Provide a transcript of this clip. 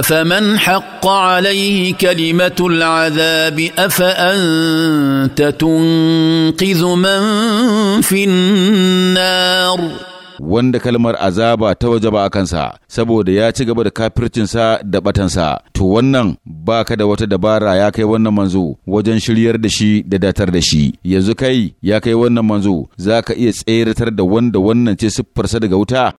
أفمن حق عليه كلمة العذاب أفأنت تنقذ من في النار wanda kalmar azaba ta waje ba a kansa saboda ya ci gaba da kafircinsa da batansa to wannan ba ka da wata dabara ya kai wannan manzo wajen shiryar da shi da datar da shi yanzu kai ya kai wannan manzo za ka iya tseratar da wanda wannan ce siffarsa daga wuta